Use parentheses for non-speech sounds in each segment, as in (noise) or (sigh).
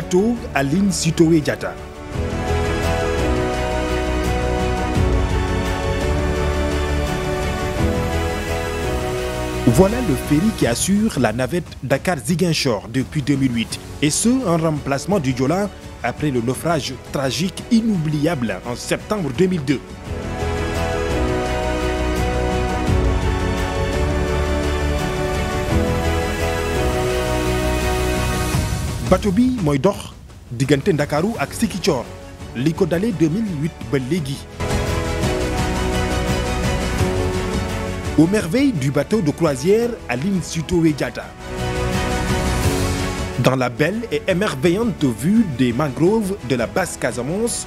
plateau Aline Sitoé Diatta Voilà le ferry qui assure la navette Dakar-Ziguinchor depuis 2008 et ce un remplacement du Joola après le naufrage tragique inoubliable en septembre 2002. bato bi mooy dox diggante ndakaaru ak Sikicoor li ko du bateau de croisière Aline Sitoé dans la belle et émerveillante vue des mangroves de la Basse Casamance.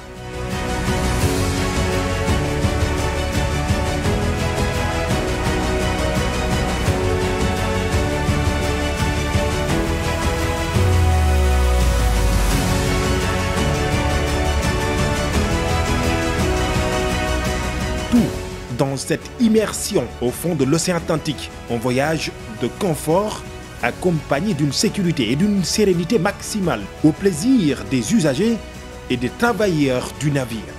dans cette immersion au fond de l'océan Atlantique, un voyage de confort accompagné d'une sécurité et d'une sérénité maximale au plaisir des usagers et des travailleurs du navire.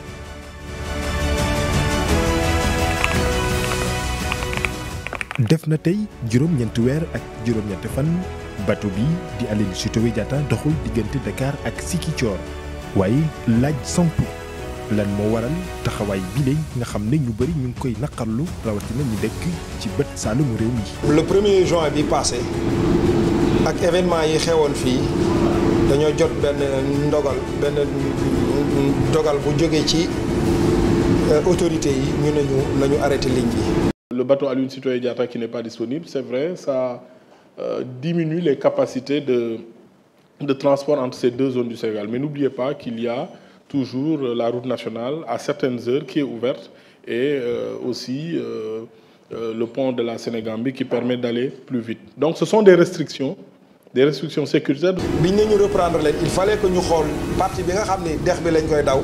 def na tey juróom weer ak juróom-ñeenti bi di Aline Sitoé doxul diggante Dakar ak Ziguinchor waaye laaj samp lan moo waral taxawaay bile nga xam ne ñu bëri ñu ngi koy naqarlu rawatina ñu dëkk ci bët saalumu réew mi. le premier juin bi passé ak événement yi xewoon fii dañoo jot benn ndogal benn ndogal bu jógee ci euh, autorité yi ñu ne ñu nañu arrêté ligne bi. le bateau Aline Sitoé Diatta qui n'est pas disponible c'est vrai ça euh, diminue les capacités de de transport entre ces deux zones du Sénégal mais n'oubliez pas qu'il y toujours la route nationale à certaines heures qui est ouverte et euh, aussi euh, euh, le pont de la Sénégambie qui permet d'aller plus vite. Donc ce son des restrictions des restrictions sécuritaires. bi ne ñu reprendre leen il fallait que ñu xool partie bi nga xam ni dex bi lañ koy daw.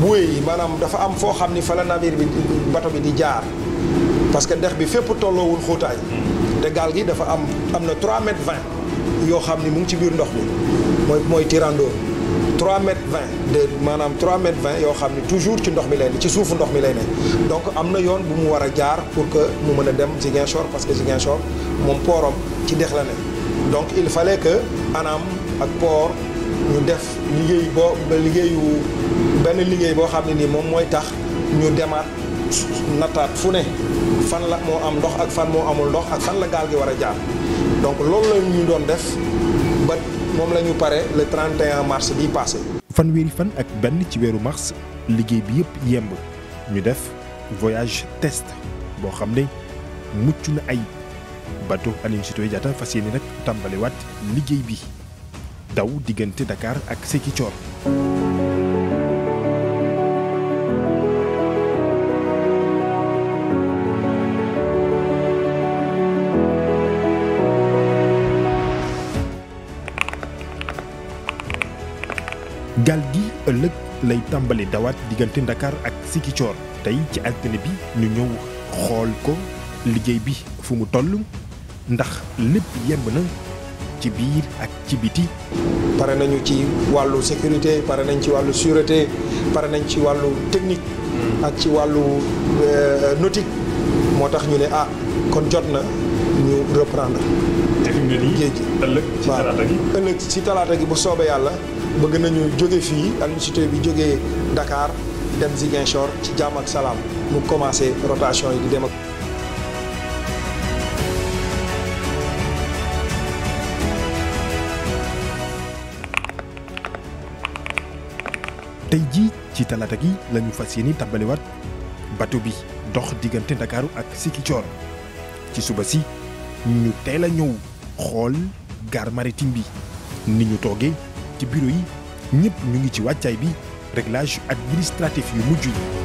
buoy yi maanaam dafa am foo xam ni fa la navire bi bato bi di jaar parce que dex bi fépp tolloowul xóotaay. te gaal gi dafa am am na 3 mètres 20 yoo xam ni mu ngi ci biir ndox mi mooy mooy tirando. 3 mètres 20 de maanaam 3 mètres 20 yoo xam ne toujours ci ndox mi lay ne ci suufu ndox mi lay ne donc am na yoon bu mu war a jaar pour que mu mën a dem Ziguinchor parce que Ziguinchor moom pooram ci dex la ne donc il fallait que anam ak port ñu def liggéey boo liggéeyu benn liggéey boo xam ne nii moom mooy tax ñu demaat nattaat fu ne fan la moo am ndox ak fan moo amul ndox ak fan la gaal gi war a jaar donc loolu la doon def moom la ñu pare le 31 mars bii passé. fanweeri fan ak benn ci weeru mars liggéey bi yëpp yemb ñu def voyage test boo xam ne mucc na ay bateau Aline Sitoé Diatta fas yéene nag tàmbaliwaat liggéey bi daw diggante Dakar ak Ziguinchor. gaal gi ëllëg lay tàmbali dawaat diggante Dakar ak Sikicoor tey ci altine bi ñu ñëw xool ko liggéey bi fu mu toll ndax lépp yemb na ci biir ak ci biti pare nañu ci wàllu sécurité pare nañ ci wàllu sûreté pare nañ ci wàllu technique mm. ak ci wàllu euh, nautique moo tax ñu ne ah kon jot na ñu reprendre te fi nii ëllëg ci talaata gi ëllëg ci talaata gi bu soobee yàlla bëgg nañu jóge fii Aluncité bi jógee Dakar dem Ziguinchor ci jàmm ak salaam mu commencé rotation yi di dem tey jii ci talaata gi la fas yéene tàmbaliwaat bateau bi dox diggante Ndakaaru ak Sikicoor ci suba si ñu teel ñëw xool gare maritime bi ni ñu toogee. ci bureau yi ñëpp ñu ngi ci wàccaay bi réglage administratif yu mujj yi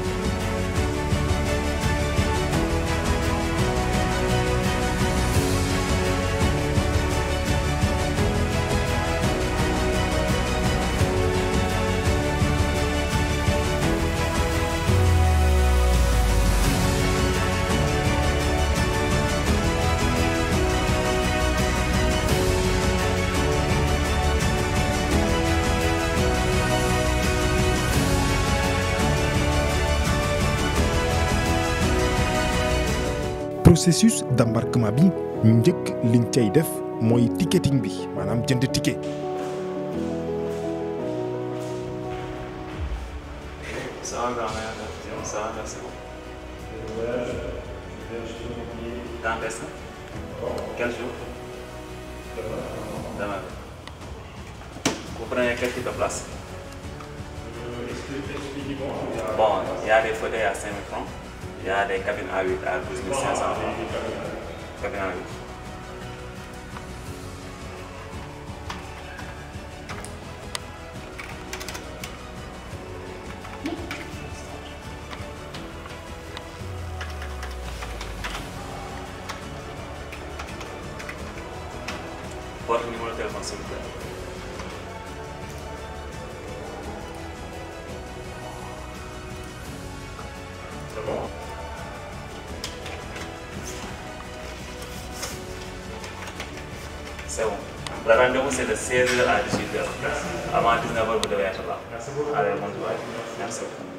cay def mooy ticketing bi maanaam jënd ticket. ça va grand mère ça va merci beaucoup. Quand est-ce? Quel jour? Demain. Vous prenez quel type de place? Bon, il y a des fauteuils à 5 000 francs, il y a des cabines à 8 à 12 500 francs. Cabine à 8. on some of that. So, the rendezvous c'est le 16h à 18h. Avant 19h, vous devez être là. Allez, bonne soirée. Merci beaucoup.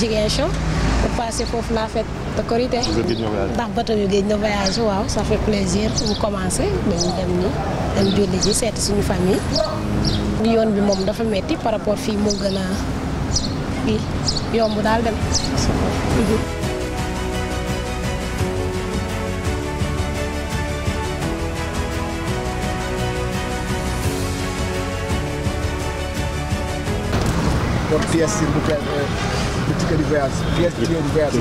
Ziguinchor bu passé foofu la fête de ndax bëtam yu géej waaw ça fait plaisir bu commencé dañu dem nii dem julli ji seeti suñu famille bi mm. yoon bi moom dafa metti par rapport fii mu gën a yomb daal dem que du voyage. pièce clé du voyage. Vous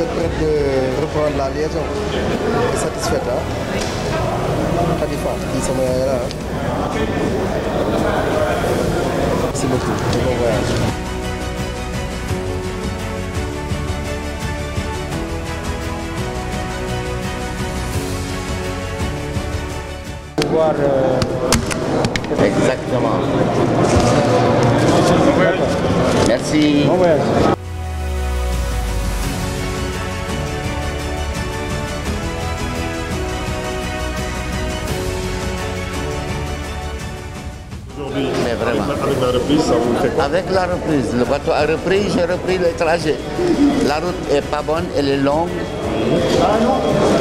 êtes prête de reprendre la liaison Vous êtes satisfaite, hein Khalifa, kii sama yaay la Merci beaucoup. Bon voyage. pouvoir. Euh... Exactement. Merci. Bon voyage. Mais vraiment. Avec la reprise, ça vous fait quoi Avec la reprise, le bateau a repris, j'ai repris le trajet. La route est pas bonne, elle est longue.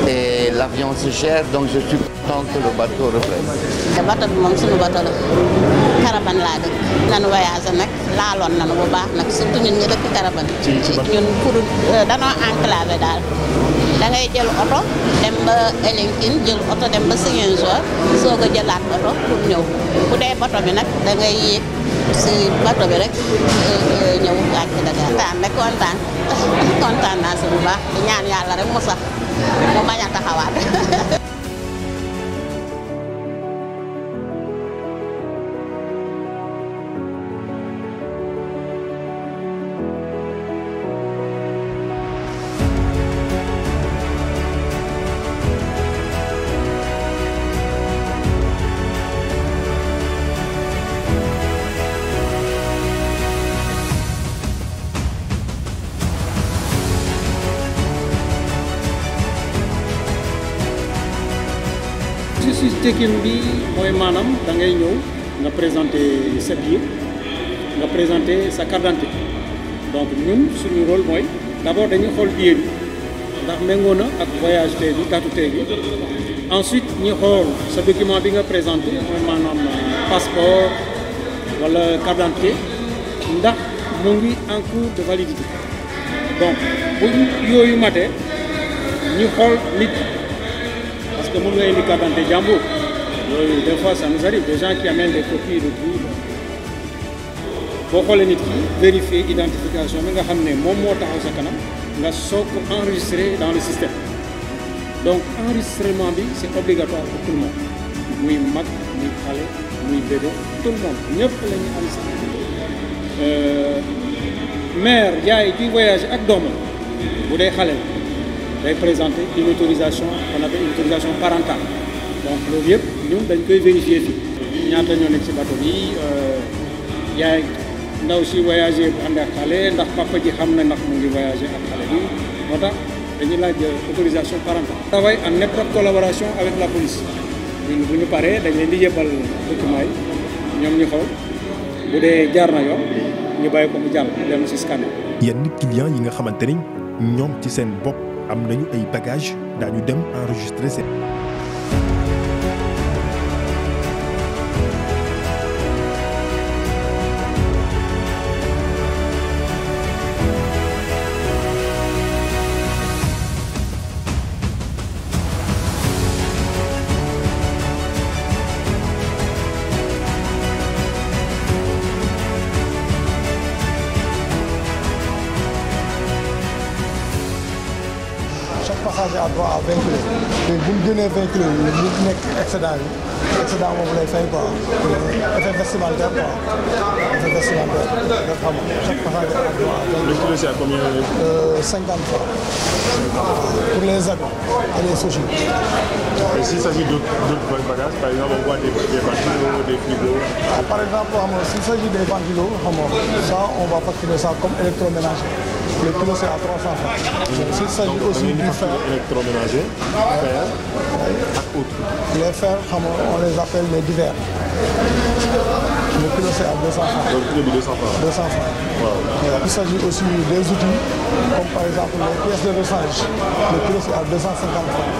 Et l'avion c'est cher, donc je suis donc le bateau reflète. te bateau bi moom suñu bateau la Karaban laa dëkk. nanu voyagé nag laaloon nanu bu baax nag surtout ñun ñu dëkk Karaban. ci ñun pour euh, danoo enclavé daal. da ngay jël oto dem ba Elinkine jël oto dem ba Ziguinchor soog a jëlaat oto pour ñëw bu dee bato bi nag da ngay si bato bi rek euh, ñëw wàcc Dakar. Ah, kontaan rek (laughs) kontaan kontaan naa si bu baax ñaan yàlla rek mu sax mu bañ a taxawaat. (laughs) sikkim bi mooy maanaam da ngay ñëw nga présenter sa biir nga présenter sa carte donc ñun suñu rôle mooy d'abord dañuy xool billet bi ndax méngoo na ak voyage tey bi datu tey bi ensuite ñu xool sa document bi nga présenté mooy maanaam euh, passeport wala carte d'identité ndax mu ngi en cours de validité donc bu yooyu matee ñu xool nit parce que moom la indi carte d'identité loolu des fois ça nous arrive des gens qui amènent des coquilles de boue boo xoolee nit ki vérifier identification bi nga xam ne moom moo taxaw sa kanam nga soog ko enregistrer dans le système donc enregistrement bi c'est obligatoire pour tout le monde muy mag muy xale muy bébé tout le monde ñëpp la ñu am sax euh, mère yaay di voyage ak doomam bu dee xale day présenter une autorisation qu'on appelle une autorisation parentale donc loolu yëpp. ñun dañ koy vérifier fii ñaata ñoo nekk ci bato bi euh, yaay ndaw si voyagé bu ànd ak xale ndax papa ji xam na ndax mu ngi voyagé ak xale bi moo tax dañuy laaj euh, autorisation parentale. travail en étroite collaboration avec la police bu ñu paree dañ leen di yebal document yi ñoom ñu xool bu dee jaar na yoon ñu bàyyi ko mu jàll dem si scanner. yenn client yi nga xamante ni ñoom ci seen bopp am nañu ay bagages daañu dem enregistrer seen. tegee vingt kilos yi mu nekk excédent yi excédent boobu lay fay quoi effet vestimentaire quoi effet le kilo c'est à combien? Euh, cinquante francs pour les amis et les sushis. s'il s'agit d'autres bagages par exemple on voit des des ventilos des frigos. Ah, par exemple s'il s'agit des ventilos xam nga ça on va facturer comme électroménager. le tout c'est à 300 francs. S'il s'agit aussi du fer. électroménager, fer fers xam on les appelle les le kilo c'est à 200 francs. le kilo s'agit aussi des outils comme par exemple les pièces de rechange. le kilo c'est à 250 francs.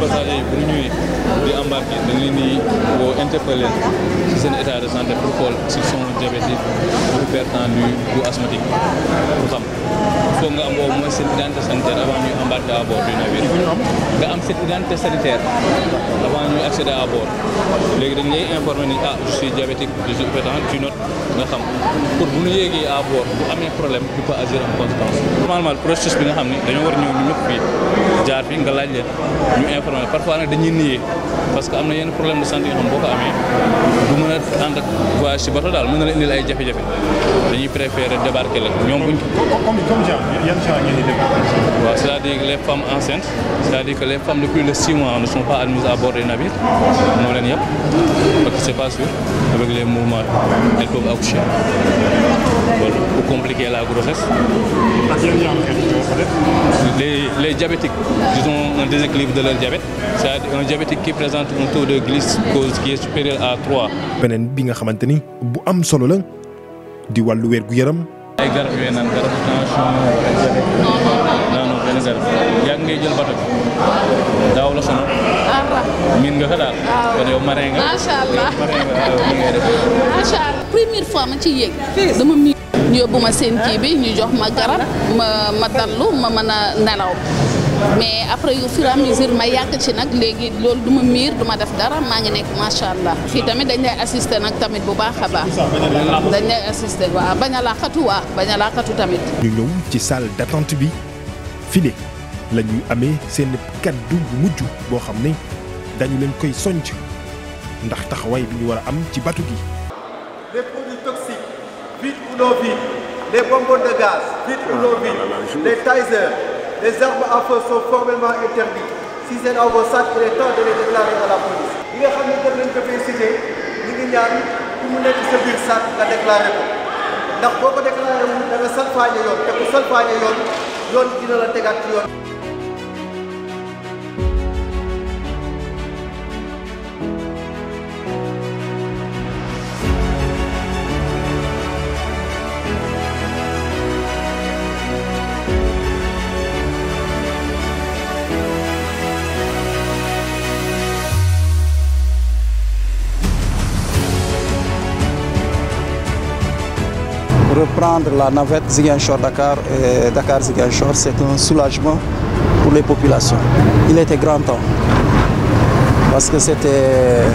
passagers bu ñu ñëwee di embarqué dañ leen di woo interpeller ci seen état de santé pour xool s'ils sont diabétiques ou hypertendus ou asthmatiques pour xam foog nga am au moins seen identité sanitaire avant ñuy embarquer à bord du navire nga am seen identité sanitaire avant ñuy accéder à léegi dañ lay ni ah je suis diabétique je suis hypertendu tu notes nga xam pour bu ñu yéegee à bu amee problème tu peux agir en conséquence normalement processus bi nga xam ne dañoo war ñëw ñu ñëpp informé parfois nag dañuy nier parce que am na yenn problème de santé yoo xam boo amee du mën a ànd ak voyage ci daal mën na la indil ay jafe-jafe dañuy préféré débarquer la ñoom buñ. comme comme genre yan genre ngeen di waaw c'est-à-dire que les femmes enceintes c'est-à-dire que les femmes de plus de six mois ne sont pas admises à bord des navires moo leen yëpp parce que c'est pas sûr avec les mouvements elles peuvent accoucher la grossesse. les les diabétiques ils ont un déséquilibre de leur diabète c'est-à-dire un diabétique qui présente un taux de glycose qui est supérieur à 3. beneen bi nga xamante ni bu am solo la di wàllu wér gu yaram. ay garab réserve yàgg ngay jël bato bi daaw la sonal. miin nga ko daal. waaw kon nga. macha allah marin nga première fois ma ci yéeg. dama miin. ñu ma seen kii bi ñu jox ma garab ma ma dallu ma mën a nelaw. mais après yu fur et à ma yàq ci nag léegi loolu du ma miir du ma def dara maa ngi nekk macha allah fii tamit dañ lay assister nag tamit bu baax a baax dañ lay assister waaw bañ a laaxatu waa bañ a laaxatu tamit ñu ñëw ci salle d'attente bi file la ñuy amee seen kàddu bu mujj boo xam ne dañu leen koy sonc ndax taxawaay bi ñu war am ci batu gi. les produits toxiques vides ou non vides les bonbonnes de gaz vides ou non vides les tasers les armes à si c'est dans vos sacs il est temps de les déclarer à nga xam ne moom lañ ko fay cité ñu ngi ñaan ku mu nekk sa biir sac nga déclaré ko ndax boo ko déclaré wu da nga yoon te ku salfaañe yoon. yoon dina la tegaat ci yoon reprendre la navette Ziguinchor-Dakar et Dakar-Ziguinchor, c'est un soulagement pour les populations. Il était grand temps parce que c'était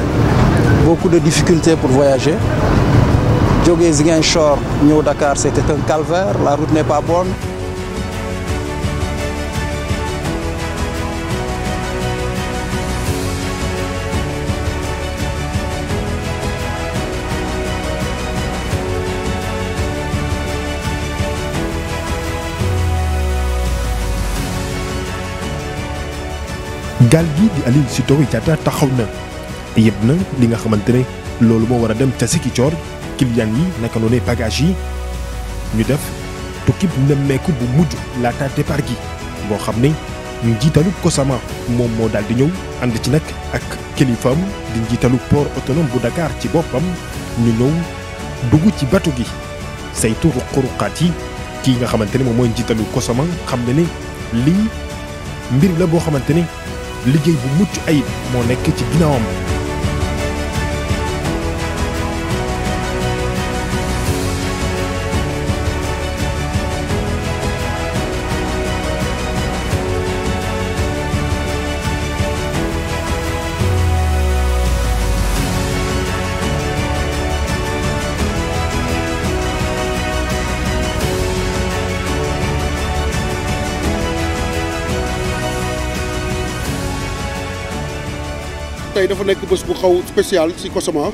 beaucoup de difficultés pour voyager. Jóge Ziguinchor ñëw Dakar, c'était un calvaire, la route n'est pas bonne. gaal gi di Aline Sitoé Diatta taxaw na yëpp na li nga xamante ne loolu moo war a dem ca Ziguinchor client yi naka noonee bagage yi ñu def tukki nemmeeku bu mujj laata départ gi boo xam ne njiitalu Kosama moom moo daal di ñëw ànd ci nag ak kilifaam di njiitalu port autonome bu dakaar ci boppam ñu ñëw dugg ci bato gi saytu ruqaruqaat yi kii nga xamante ne moom mooy njiitalu Kosama xam ne ne lii mbir la boo xamante ne liggéey bu mucc ayib moo nekk ci ginnaawam tey dafa nekk bés bu xaw spécial ci Kosama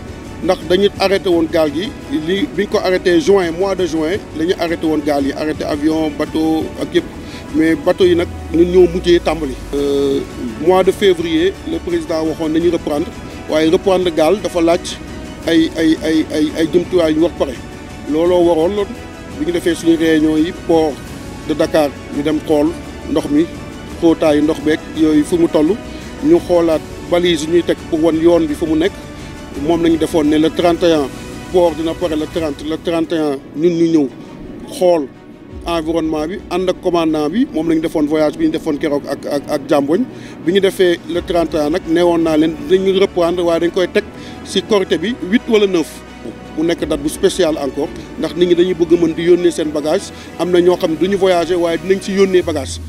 ndax dañu arrêté woon gaal gi li bi ñu ko arrêté juin mois de juin la ñu arrêté woon gaal yi arrêté avion bateau ak yëpp mais bateau yi nag ñun ñoo mujjee tàmbali. Euh, mois de février le président waxoon nañu reprendre waaye reprendre gaal dafa laaj ay ay ay ay ay jumtuwaay yu wax pare looloo waroon bi ñu defee suñu réunion yi port de dakaar ñu dem xool ndox mi xóotaayu ndox beeg yooyu fu mu toll ñu xoolaat. balise yi ñuy teg pour wan yoon bi fa mu nekk moom la ñu defoon ne le 31 port dina pare le 30 le 31 ñun ñu ñëw xool environnement bi ànd ak commandant bi moom la defoon voyage bi ñu defoon keroog ak ak ak jàmboñ bi ñu defee le 31 nag neewoon naa leen dañu reprendre waaye dañ koy teg ci Korité bi 8 wala bu mu nekk date bu spécial encore ndax nit ñi dañuy bëgg mën di yónnee seen bagage am na ñoo xam ne du ñu voyager waaye dinañ ci yónnee bagage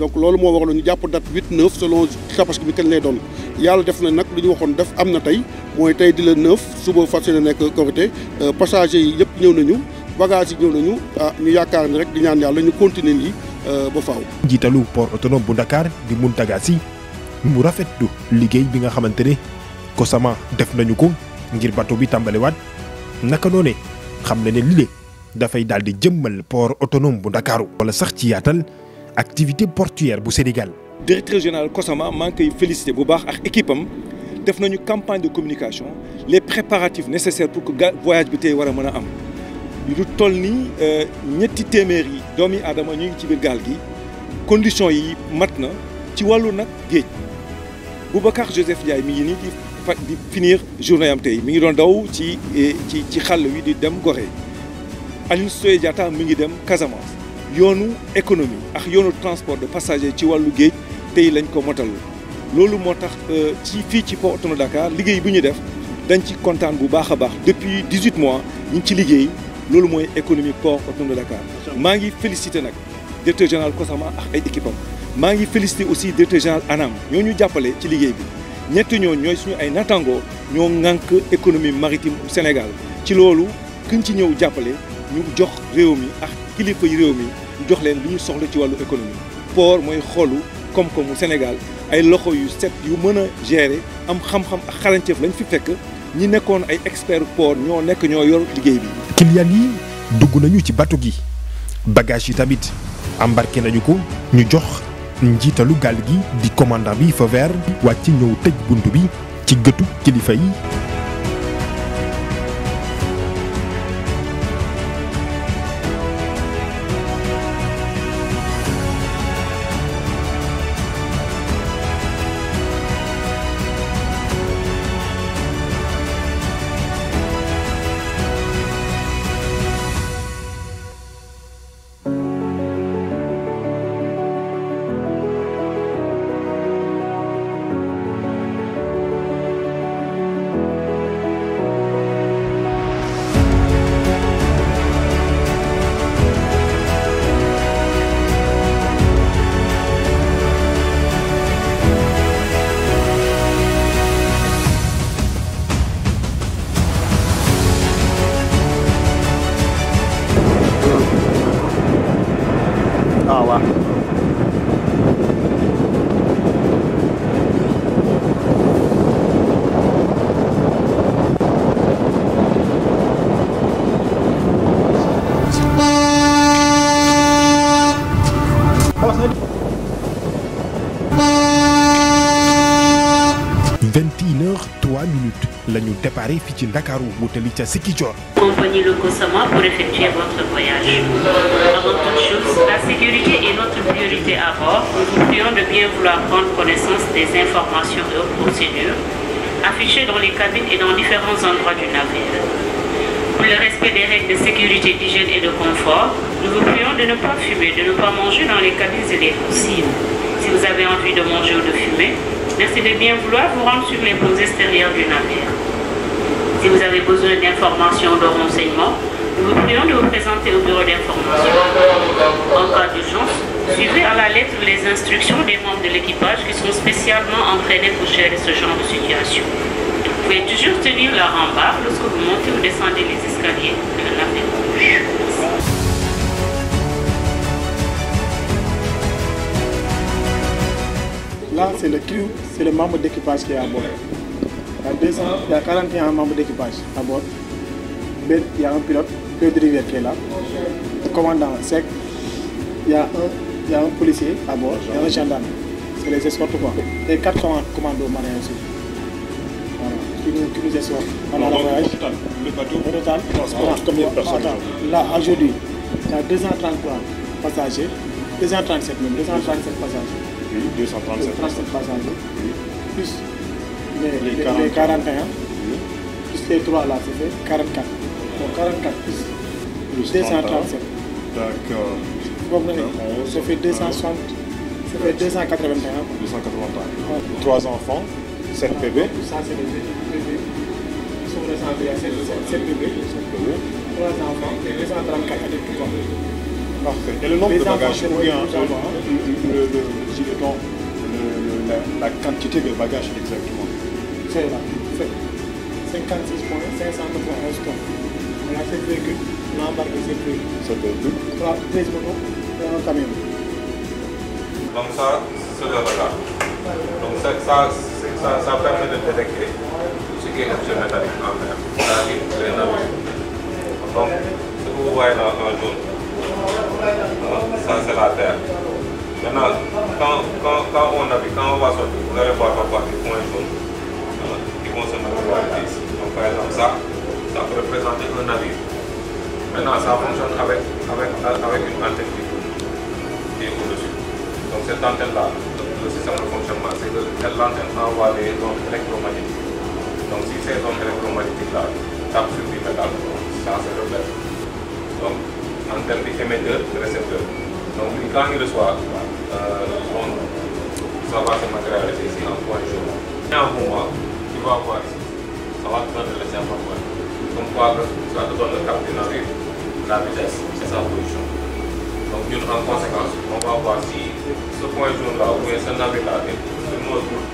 donc loolu moo waraloon ñu jàpp date huit neuf selon tabaski bi kañ lay doon yàlla def na nag lu ñu waxoon def am na tey mooy tey di la neuf suba fas yéene nekk Korité euh, passagers yi yëpp ñëw nañu bagages yi ñëw nañu ah ñu yaakaar ni rek di ñaan yàlla ñu continuer lii euh, ba faaw. njiitalu por autonome bu Dakar di Mountaga Sy mu rafetlu liggéey bi nga xamante ne sama def nañu ko ngir bateau bi tàmbaliwaat naka noone xam na ne lile dafay daal di jëmmal port autonome bu Ndakaaru wala sax ci yaatal. activité portuaire bu Sénégal. directeur général COSAMA maa ngi koy félicité bu baax ak équipe am def nañu campagne de communication les préparatifs nécessaires pour que voyage bi tey war a mën a am lu toll nii euh, ñetti téeméer yi doomi aadama ñu ngi ci biir gaal gi conditions yi mat na ci wàllu nag géej Boubacar Joseph Ndiaye mi ngi nii di fa di finir journée am tey mi ngi doon daw ci eh, ci ci xàll wi di dem Gorée Aline Sitoé Diatta mi ngi dem Casamance. yoonu économie ak yoonu transport de passagers ci wàllu géej tey lañ ko motal loolu moo tax euh, ci fii ci port autonome Dakar liggéey bi ñu def dañ ci kontaan bu baax a baax depuis 18 mois ñu ngi ci liggéey loolu mooy économie port autonome Dakar. maa ngi félicité nag directeur général Kosama ak ay équipe am maa ngi félicité aussi directeur général ANAM ñoo ñu jàppale ci liggéey bi ñetti ñoo ñooy suñu ay nattangoo ñoo ŋànk économie maritime Sénégal ci loolu kuñ ci ñëw jàppale ñu jox réew mi ak. kilifa yu réew mi jox leen li ñu soxla ci wàllu économie port mooy xoolu koom-koomu Sénégal ay loxo yu set yu mën a gérer am xam-xam ak xarañteef lañ fi fekk ñi nekkoon ay expert port ñoo nekk ñoo yor liggéey bi. clients yi dugg nañu ci bateau gi bagage yi tamit embarqué nañu ko ñu jox njiitalu gal gi di commandant bi feu vert wàcc ñëw tëj bunt bi ci gëtu kilifa yi. départ fi ci Ndakaaru wutali la sécurité est notre priorité à bord. Nous vous prions de bien vouloir prendre connaissance des informations et aux procédures affichées dans les cabines et dans différents endroits du navire. Pour le respect des règles de sécurité, d'hygiène et de confort, nous vous prions de ne pas fumer, de ne pas manger dans les cabines et les consignes. Si vous avez envie de manger ou de fumer, merci de bien vouloir vous rendre sur les ponts extérieurs du navire. Si vous avez besoin d'informations de nous vous prions au bureau d'information. En cas d'urgence, suivez à la lettre les instructions des membres de l'équipage qui sont spécialement entraînés pour gérer ce genre de situation. Vous pouvez toujours tenir la rambarde lorsque vous montez ou descendez les escaliers de la navette Là, c'est le crew, c'est le membre d'équipage qui est à bord. Il y a 200, il y a 41 membres d'équipage à bord. Il y a un pilote, Pedro Rivière qui est là. Le y a y a un policier à bord, il y a un gendarme. C'est les escortes quoi. Et quatre commandos marins aussi. Voilà. Qui nous, qui nous escortent pendant le voyage. Le bateau Au total, transporte y a 233 passagers. 237 même, 237 passagers. Oui, 237. 237 les, les, 40, les 41. Plus les 3 là, ça fait 44. Donc 44 plus, plus 237. D'accord. Vous comprenez Ça fait 260. Ça fait 281. 281. 3 enfants, 7 bébés. Ça, c'est les bébés. Ils sont ressemblés à 7 bébés. 3 enfants et 234 avec tout Parfbait. Et le nombre les de bagages, oui, hein, le, le, le, la, la quantité de bagages exactement. Sénégal fekk 56 points 500 points 11 tonnes on a fait véhicule on a embarqué ces véhicules. ce véhicule. 3 13 motos et un camion. donc ça c'est le radar donc ça ça ça ça permet de détecter ce qui est objet métallique en mer c'est-à-dire les navires donc ce que vous voyez là en jaune ça c'est la terre. maintenant quand quand quand on navigue quand on va sortir vous allez voir parfois du point jaune. qui vont se mutualiser. Donc par exemple ça, ça peut représenter un navire. Maintenant ça fonctionne avec, avec, avec une antenne qui est au-dessus. Donc cette antenne-là, le système de fonctionnement, c'est que l'antenne envoie des ondes électromagnétiques. Donc si ces ondes électromagnétiques-là tapent sur du métal, ça se reflète. Donc antenne bi émetteur, récepteur. Donc lui, quand il reçoit euh, l'onde, ça va se matérialiser ici en point jaune. tu vas voir, ça va te donner les informations. Comme quoi, ça te donne sa position. Donc nous, en conséquence, on va voir si ce point jaune-là, ou bien ce navire-là, sur nos routes,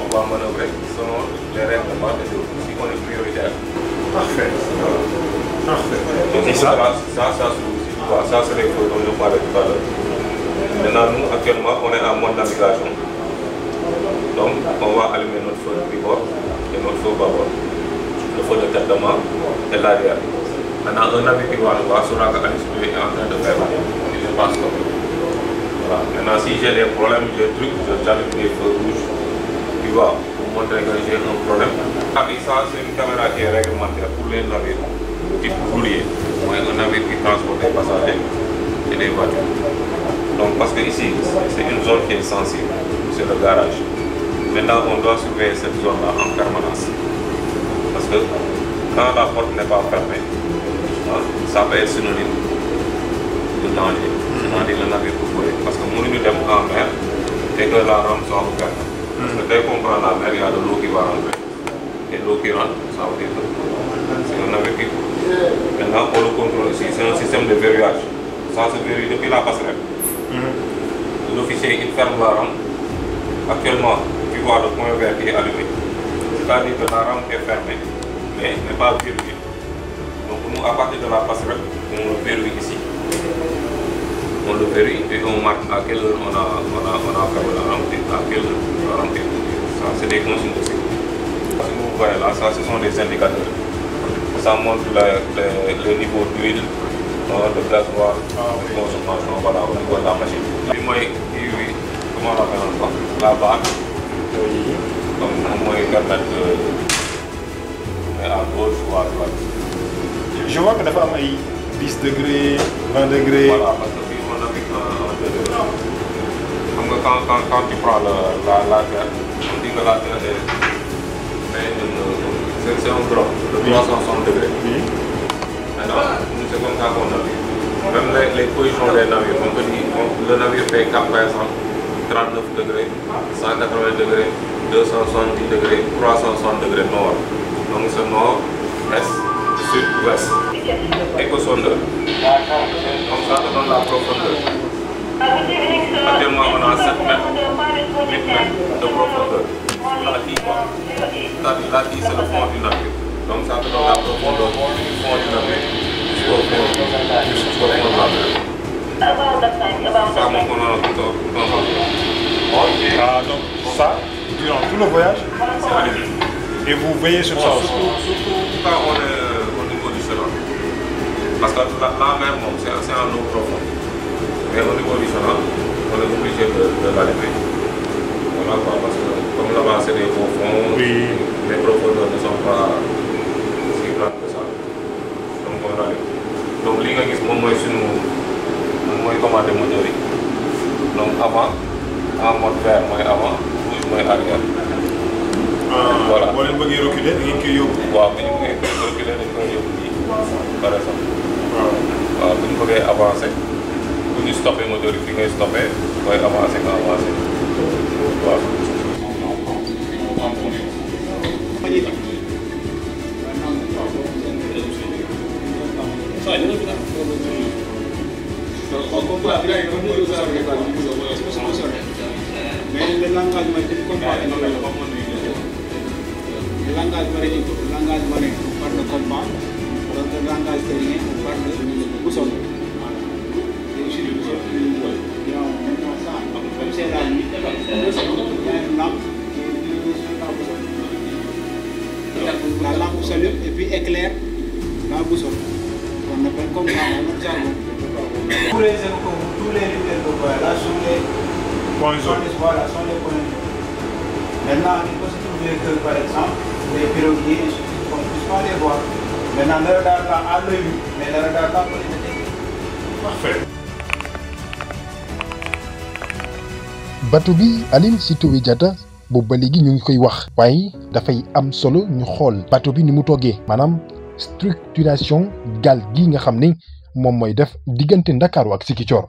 on va manœuvrer selon les règles de base de si on est prioritaire. Parfait. Voilà. Parfait. Donc, Et ça, ça, ça, ça, ça, ça tout à l'heure. Maintenant, nous, actuellement, on est en mode Donc, on va allumer notre feu bord et notre feu bâbord, le feu de traitement et l'arrière. Maintenant, un avis qui va le voir sera qu'à est en train de faire. Je pense que voilà. Maintenant, si j'ai des problèmes, j'ai des trucs, j'allume les feux rouges, tu vois, pour montrer que j'ai un problème. Avec ah, ça, c'est une caméra qui est réglementaire pour les navires, type roulier, ou un navire qui transporte des passagers et des voitures. Donc, parce que ici, c'est une zone qui est sensible, c'est le garage. Maintenant, on doit surveiller cette zone-là en permanence. Parce que quand la porte n'est pas fermée, ça peut être synonyme de danger. C'est-à-dire le navire peut couler. Parce que nous, nous sommes en mer et que la rame soit ouverte. Parce que dès qu'on prend la mer, il y a de l'eau qui va rentrer. Et l'eau qui rentre, ça veut dire que c'est un navire qui coule. Maintenant, pour le contrôle aussi, c'est un système de verrouillage. Ça se verrouille depuis la passerelle. Mm-hmm. L'officier, il ferme la rame. Actuellement, fois le point vert est allumé. C'est-à-dire que la rampe est fermée, mais n'est pas verrouillée. Donc nous, à partir de la passerelle, on le verrouille ici. On le verrouille et on marque à a, on a, on a fermé la rampe, à quelle heure la rampe est verrouillée. Ça, c'est des consignes de sécurité. Si vous voyez là, ça, ce sont des le, le, le niveau d'huile, de gasoil, ah de consommation, voilà, au machine. Puis moi, oui, comment on appelle yooyu comme moom mooy permettre euh, à gauche ou à droite. je vois am ay 10 degrés 20 degrés. voilà parce que fii on habite un euh, degré. xam nga quand quand quand tu prends la la la terre on dit que la terre est mais c'est c'est un drop de 360 degrés. maintenant nous c'est comme ça qu'on navigue. 39 degrés 180 degrés 270 degrés 360 degrés nord donc c'est nord est sud ouest. éco-sondeur comme ça ça donne la profondeur. actuellement on a 7 mètres 8 mètres de profondeur la tii quoi c'est-à-dire la tii c'est le fond du navire donc ça te donne la profondeur du fond du navire jusqu'au fond jusqu'au fond de la mer About that time, about donc tout le voyage, et vous veillez sur bon, ça aussi. on est au niveau du Sénat. Parce que la, la mer, c'est un eau profond. Mais on est obligé de, de l'enlever. Voilà quoi, parce que comme là-bas, c'est des gros fonds, oui. les profondeurs ne sont no jest dobre. nattu bi Aline Sitoé Diatta boobu ba léegi ñu ngi koy wax waaye dafay am solo ñu xool bateau bi ni mu toggee maanaam structuration gaal gi nga xam ne moom mooy def diggante Ndakaaru ak Sikicoor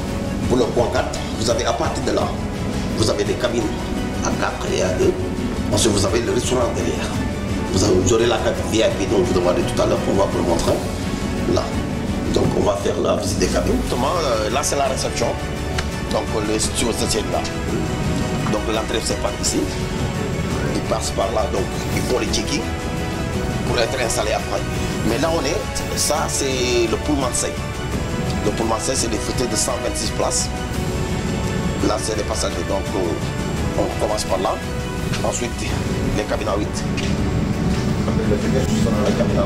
Pour le bon 4, vous avez à partir de là, vous avez des cabines à 4 et à 2. Ensuite, vous avez le restaurant derrière. Vous, avez, la cabine VIP dont je vous demandez tout à l'heure pour voir pour Là. Donc, on va faire la visite des cabines. Justement, euh, là, c'est la réception. Donc, le studio, c'est Donc, l'entrée, c'est par ici. Ils passent par là, donc, ils font les check-in pour être installés après. Mais là, on est, ça, c'est le Donc pour moi, ça, c'est des fauteuils de 126 la Là, c'est les passagers. Donc euh, on commence par là. Ensuite, les cabines à La cabine à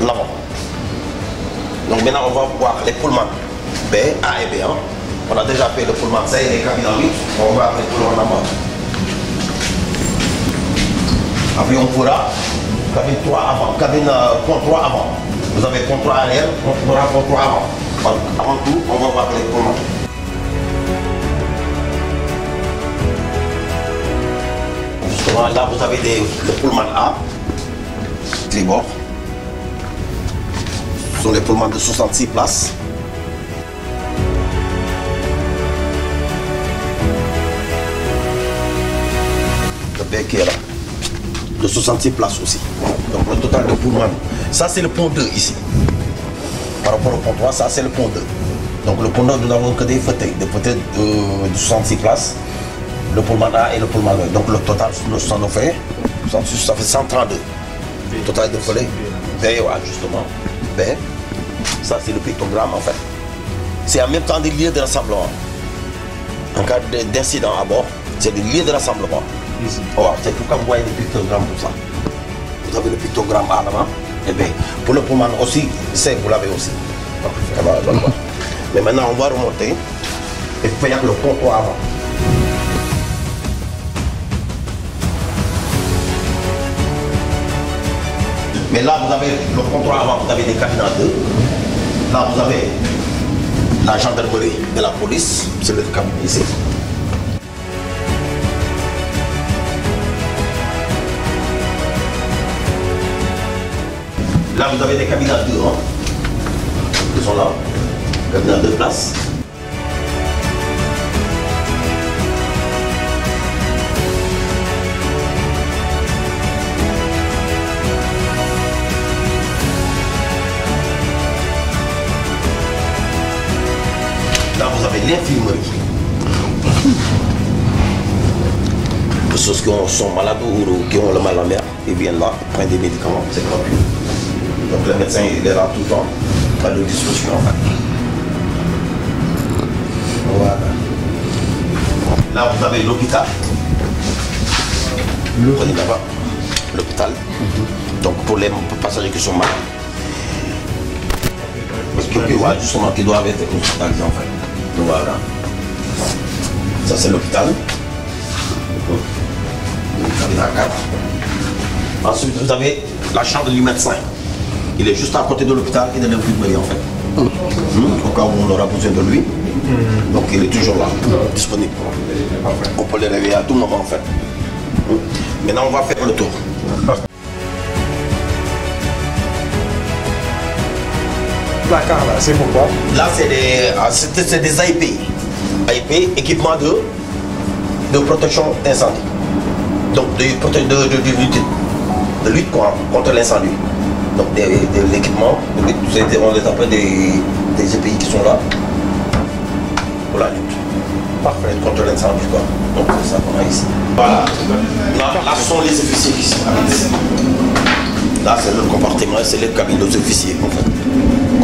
l'avant. Donc maintenant, on va voir les Pullman B, A et B. Hein. On a déjà fait le Pullman C et les cabines 8. On va faire le Pullman avant. Après, on pourra cabine 3 avant, cabine euh, pont 3 avant. Vous avez pont 3 arrière, on aura pont 3 avant. Donc, avant tout, on va voir les Pullman. Justement, là, vous avez des, le Pullman A, tribord. sont des Pullman de 66 places. Le bec De 66 aussi. le total de Pullman. Ça, c'est le pont 2 Par rapport au pont 3, c'est le pont 2. Donc le pont 2, nous que des fauteuils, des fauteuils de, euh, de Le Pullman A et le Pullman B. Donc le total, nous en fait, ça fait justement. B. Ça, c'est le pictogramme, en fait. C'est en même temps des lieux de rassemblement. En cas d'incident à bord, c'est des de rassemblement. Ici. Oh, c'est pourquoi vous voyez des pictogrammes comme ça. Vous avez pictogramme à l'avant. Et eh bien, pour le Pullman aussi, c'est vous l'avez aussi. Voilà, eh voilà. Mais maintenant, on va remonter et faire le Mais là, vous avez le contrat avant, vous avez des candidats deux. Là, vous avez la la police, c'est le cabinet ici. Là, vous avez des cabinets à deux, hein. Ils sont là. l'infirmerie. Pour ceux qui sont malades ou qui ont le mal en mer, ils eh viennent là, prennent des médicaments, c'est gratuit. Donc le médecin, il est là tout temps, à leur disposition. Voilà. Là, vous avez l'hôpital. Prenez là-bas, l'hôpital. Mhm. Donc pour les passagers qui sont malades. Parce que, ouais, justement, qui doivent être hospitalisés en fait. Voilà. Ça, c'est l'hôpital. Ensuite, vous avez la chambre du médecin. Il est juste à côté de l'hôpital et de l'infirmerie, en fait. Hmm? Au cas où on aura besoin de lui. Hmm. Donc, il est toujours là, disponible. On peut le réveiller à tout moment, en fait. Hmm? Maintenant, on va faire le tour. placard là, c'est pourquoi Là, c'est des, AIP. Ah, AIP, équipement de, de protection incendie. Donc, de, de, de, de, de lutte contre l'incendie. Donc, des, de l'équipement, de lutte, on les des, des qui sont là pour la lutte. Parfait. Contre l'incendie, quoi. Donc, c'est ça qu'on a ici. Voilà. Là, c'est le compartiment, c'est le cabine des officiers,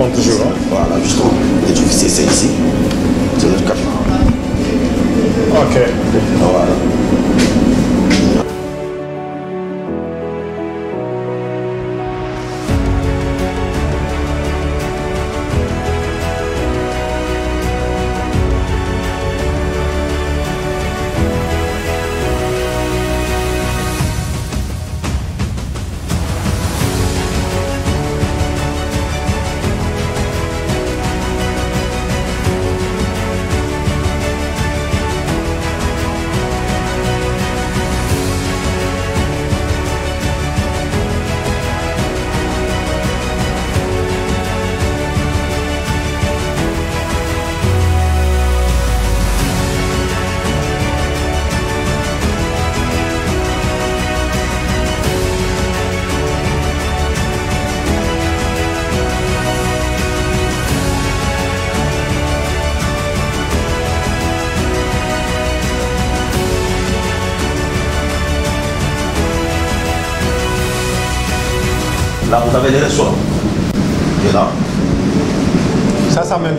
compte toujours. Hein? Voilà, justement. Et tu c'est ici. C'est notre cap. Ok. Voilà.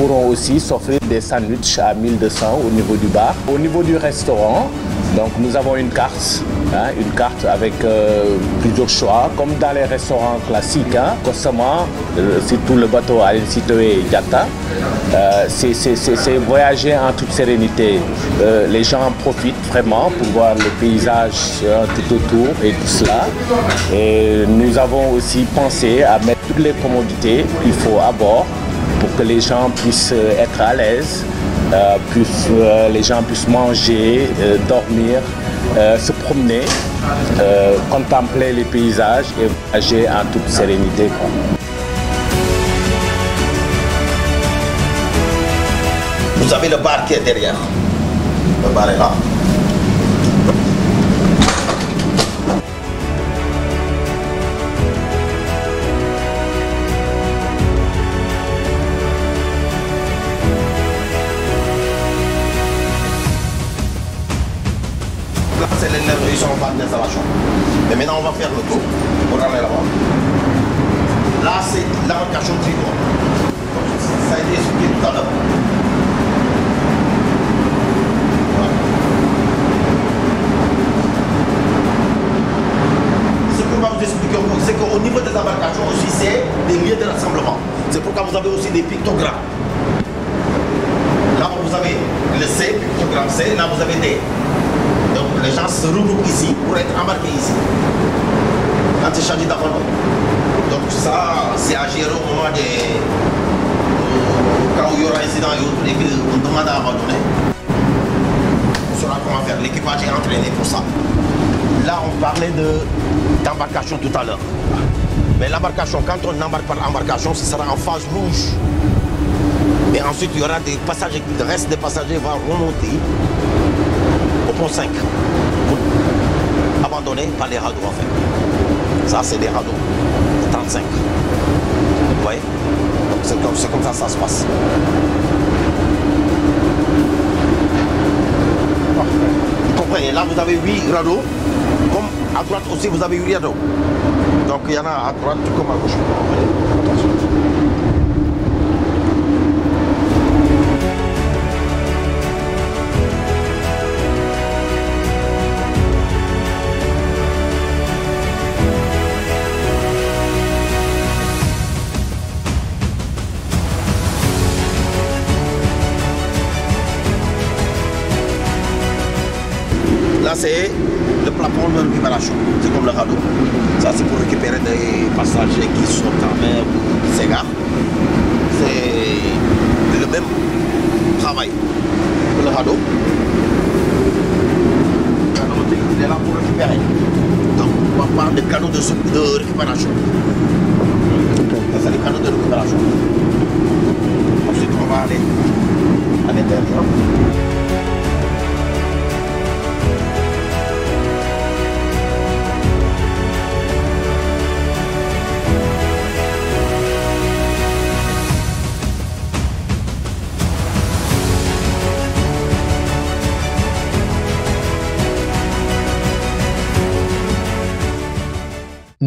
pourront aussi s'offrir des sandwichs à 1200 au niveau du bar. Au niveau du restaurant, donc nous avons une carte, hein, une carte avec euh, plusieurs choix, comme dans les restaurants classiques, hein, Kosama, euh, surtout le bateau à Sitoé et Yata. Euh, c'est voyager en toute sérénité. Euh, les gens en profitent vraiment pour voir le paysage tout autour et tout cela. Et nous avons aussi pensé à mettre toutes les commodités qu'il faut à bord que les gens puissent euh, être à l'aise, euh, puissent, euh, les gens puissent manger, euh, dormir, euh, se promener, euh, contempler les paysages et voyager en toute sérénité. Quoi. Vous avez le bar qui est derrière. Le bar est là. accident et autres et qu'on demande on saura comment faire. L'équipage est pour ça. Là, on parlait d'embarcation tout à l'heure. Mais l'embarcation, quand on embarque par embarcation, ce sera en phase rouge. Et ensuite, il aura des passagers, le va remonter au par les radeaux en fait. Ça, c'est des radeaux, Donc c'est comme ça que ça se passe. Vous comprenez, là vous avez 8 radeaux, comme à droite aussi vous avez 8 radeaux. Donc il y en a à droite comme à gauche. Attention. c'est le plafond de libération, c'est comme le radeau. Ça, c'est pour récupérer des passagers qui sont en mer ou le même travail que le radeau. Le radeau, il est pour récupérer. Donc, on parle de, de de récupération.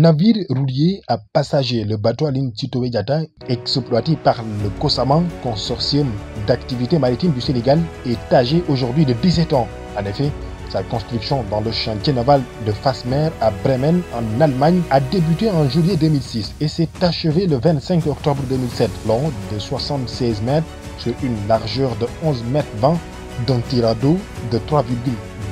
Navire roulier à passagers, le bateau Aline Sitoé Diatta, exploité par le COSAMAN, Consortium d'activités maritimes du Sénégal, est âgé aujourd'hui de 17 ans. En effet, sa construction le chantier naval de Fasmer à Bremen en Allemagne a débuté en juillet 2006 et s'est achevée le 25 octobre 2007, long de 76 mètres sur une largeur de 11 mètres 20 d'un tirant d'eau de 3,4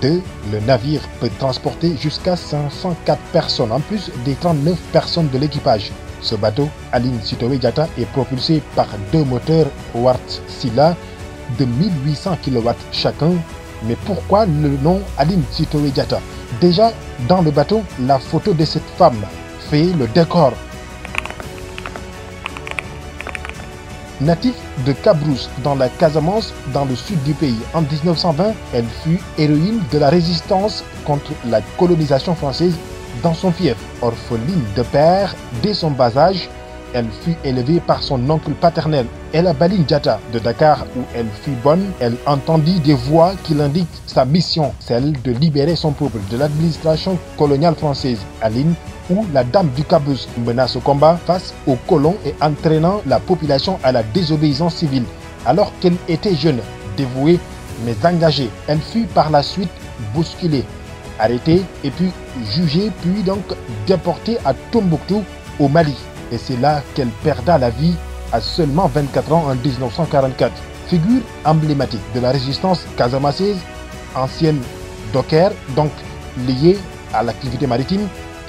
2, le navire peut transporter jusqu'à 504 personnes en plus des 39 personnes de l'équipage. Ce bateau, Aline Sitoé Diatta, est propulsé par deux moteurs Wart Silla de 1800 kW chacun. Mais pourquoi le nom Aline Sitoé Diatta Déjà, le bateau, la photo de cette femme fait le Natif de Cabrousse, dans la Casamance, dans le sud du pays, en 1920, elle fut héroïne de la résistance contre la colonisation française dans son fief. Orpheline de père, dès son basage âge, elle fut élevée par son oncle paternel, Ella Balin Diatta, de Dakar, où elle fut bonne. Elle entendit des voix qui l'indiquent sa mission, celle de libérer son peuple de l'administration coloniale française. Aline où la dame du Cabus menace au combat face aux colons et entraînant la population à la désobéissance civile. Alors qu'elle était jeune, dévouée, mais engagée, elle fut par la suite bousculée, arrêtée et puis jugée, puis donc déportée à Tombouctou au Mali. Et c'est là qu'elle perda la vie à seulement 24 ans en 1944. Figure emblématique de la résistance casamassaise, ancienne docker, donc liée à l'activité maritime,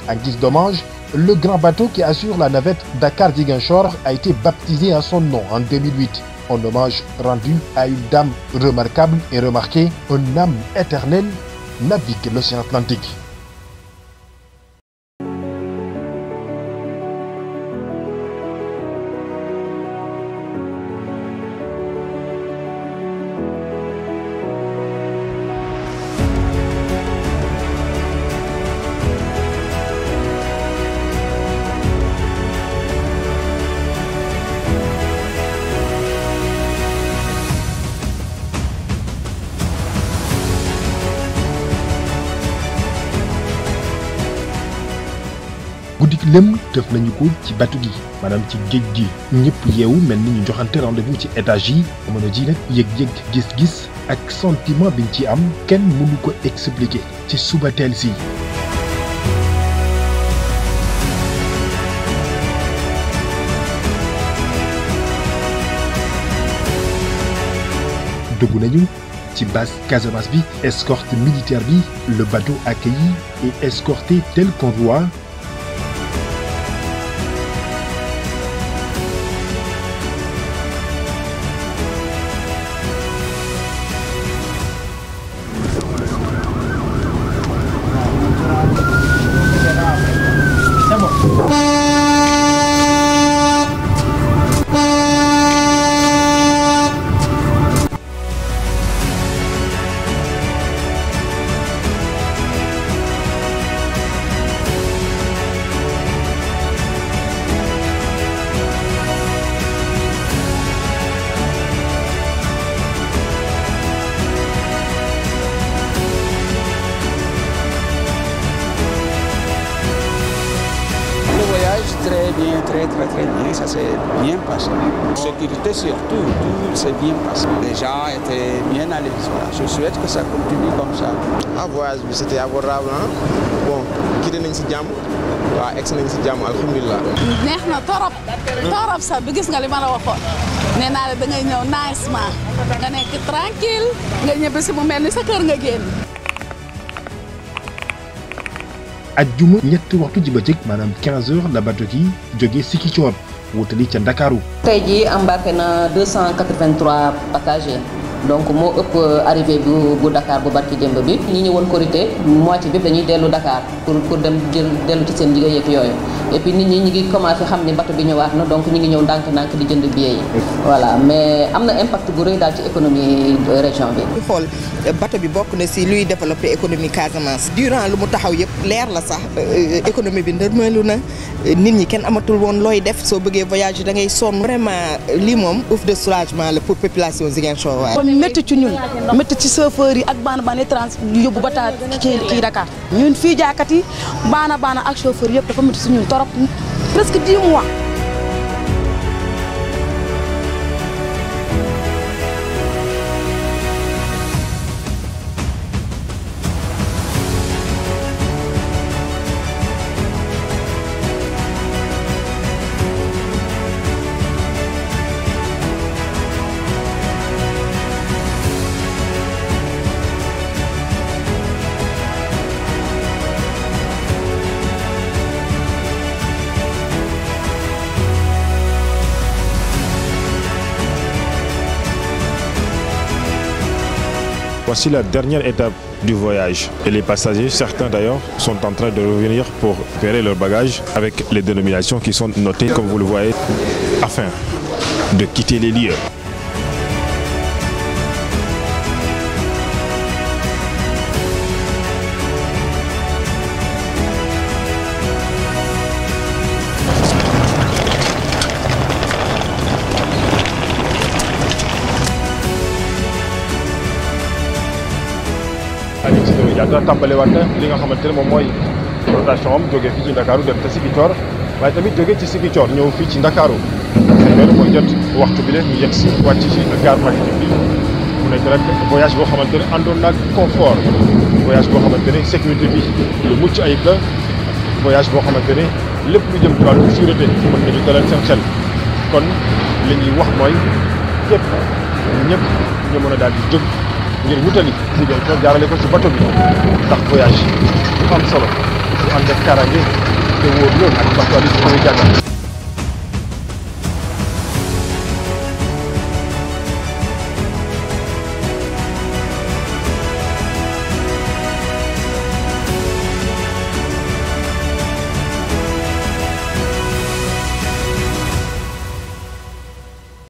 En guise d'hommage, le grand bateau qui assure la navette Dakar-Ziguinchor a été baptisé en son nom en Un hommage rendu à une dame remarquable et remarquée, une âme éternelle, navigue l'océan Atlantique. tëf nañu ko ci batu gi maanaam ci géej gi ñëpp yeewu mel ni ñu joxante ci étage mën a ji nag yëg gis-gis ak sentiment biñ ci am kenn mënu ko expliquer ci suba teel nañu ci base Casamance bi escorte militaire bi le bateau accueilli et escorté tel convoi favorable ah bon quitté jàmm waaw egg si nañ jàmm alhamdulilah. neex na torop torop sax bi gis nga li ma la waxoon nee naa la ñëw naajement nga nekk tranquille nga ñëbbi si mu mel ni sa kër nga génn. ajjuma ñetti waxtu ji bëccëg maanaam 15 heures la bato gi jógee ca Ndakaaru. tey jii embarqué na 283 donc moo ëpp euh, arrivé bu bu Dakar bu barki démb bi ñi ñëwoon Korité moitié bi dañuy dellu dakaar pour pour dem jël dellu ci seen liggéey ak yooyu et nit ñi ñi ngi commencé xam ni bato bi ñëwaat na donc ñi ngi ñëw ndànk-ndànk di jënd billet yi voilà mais am na impact bu rëy daal ci économie euh, région bi ñu xool bato bi bokk na si luy développé économie Casamance durant lu mu taxaw yëpp leer la sax euh, économie bi ndërmalu na nit ñi kenn amatul woon looy def soo bëggee voyage da ngay sonn vraiment lii moom ouf de soulagement la pour population Ziguinchor métti ci ñun métti ci chauffeur ak baana baana trans yóbbu ba taa kii kii Dakar ñun fii jaakati baana baana ak chauffeur yëpp dafa métti ci ñun torop presque dix mois. Voici la dernière étape du voyage. Et les passagers, certains d'ailleurs, sont en train de revenir pour récupérer leurs bagages avec les dénominations qui sont notées, comme vous le voyez, afin de quitter les lieux. yàgg na tàmbaliwaat na li nga xamante ne moom mooy rotation am jógee fii ci Ndakaaru dem te Sigicoor waaye tamit jógee ci Sigicoor ñëw fii ci Ndakaaru mooy jot waxtu bi la ñu yegg si wàcc ci gare maritime bi mu nekk rek voyage boo xamante ne àndoon naag confort voyage boo xamante ne sécurité bi lu mucc ay la voyage boo xamante ne lépp lu jëm ci wàllu sûreté mën nañu dalal seen xel kon li ñuy wax mooy képp ñëpp ñu mën a daal di jóg ngir wutali Ziguinchor jaarale ko ci bato bi ndax voyage bu am solo su ànd ak kaaraange te wóor ak batois yi su koy jàngal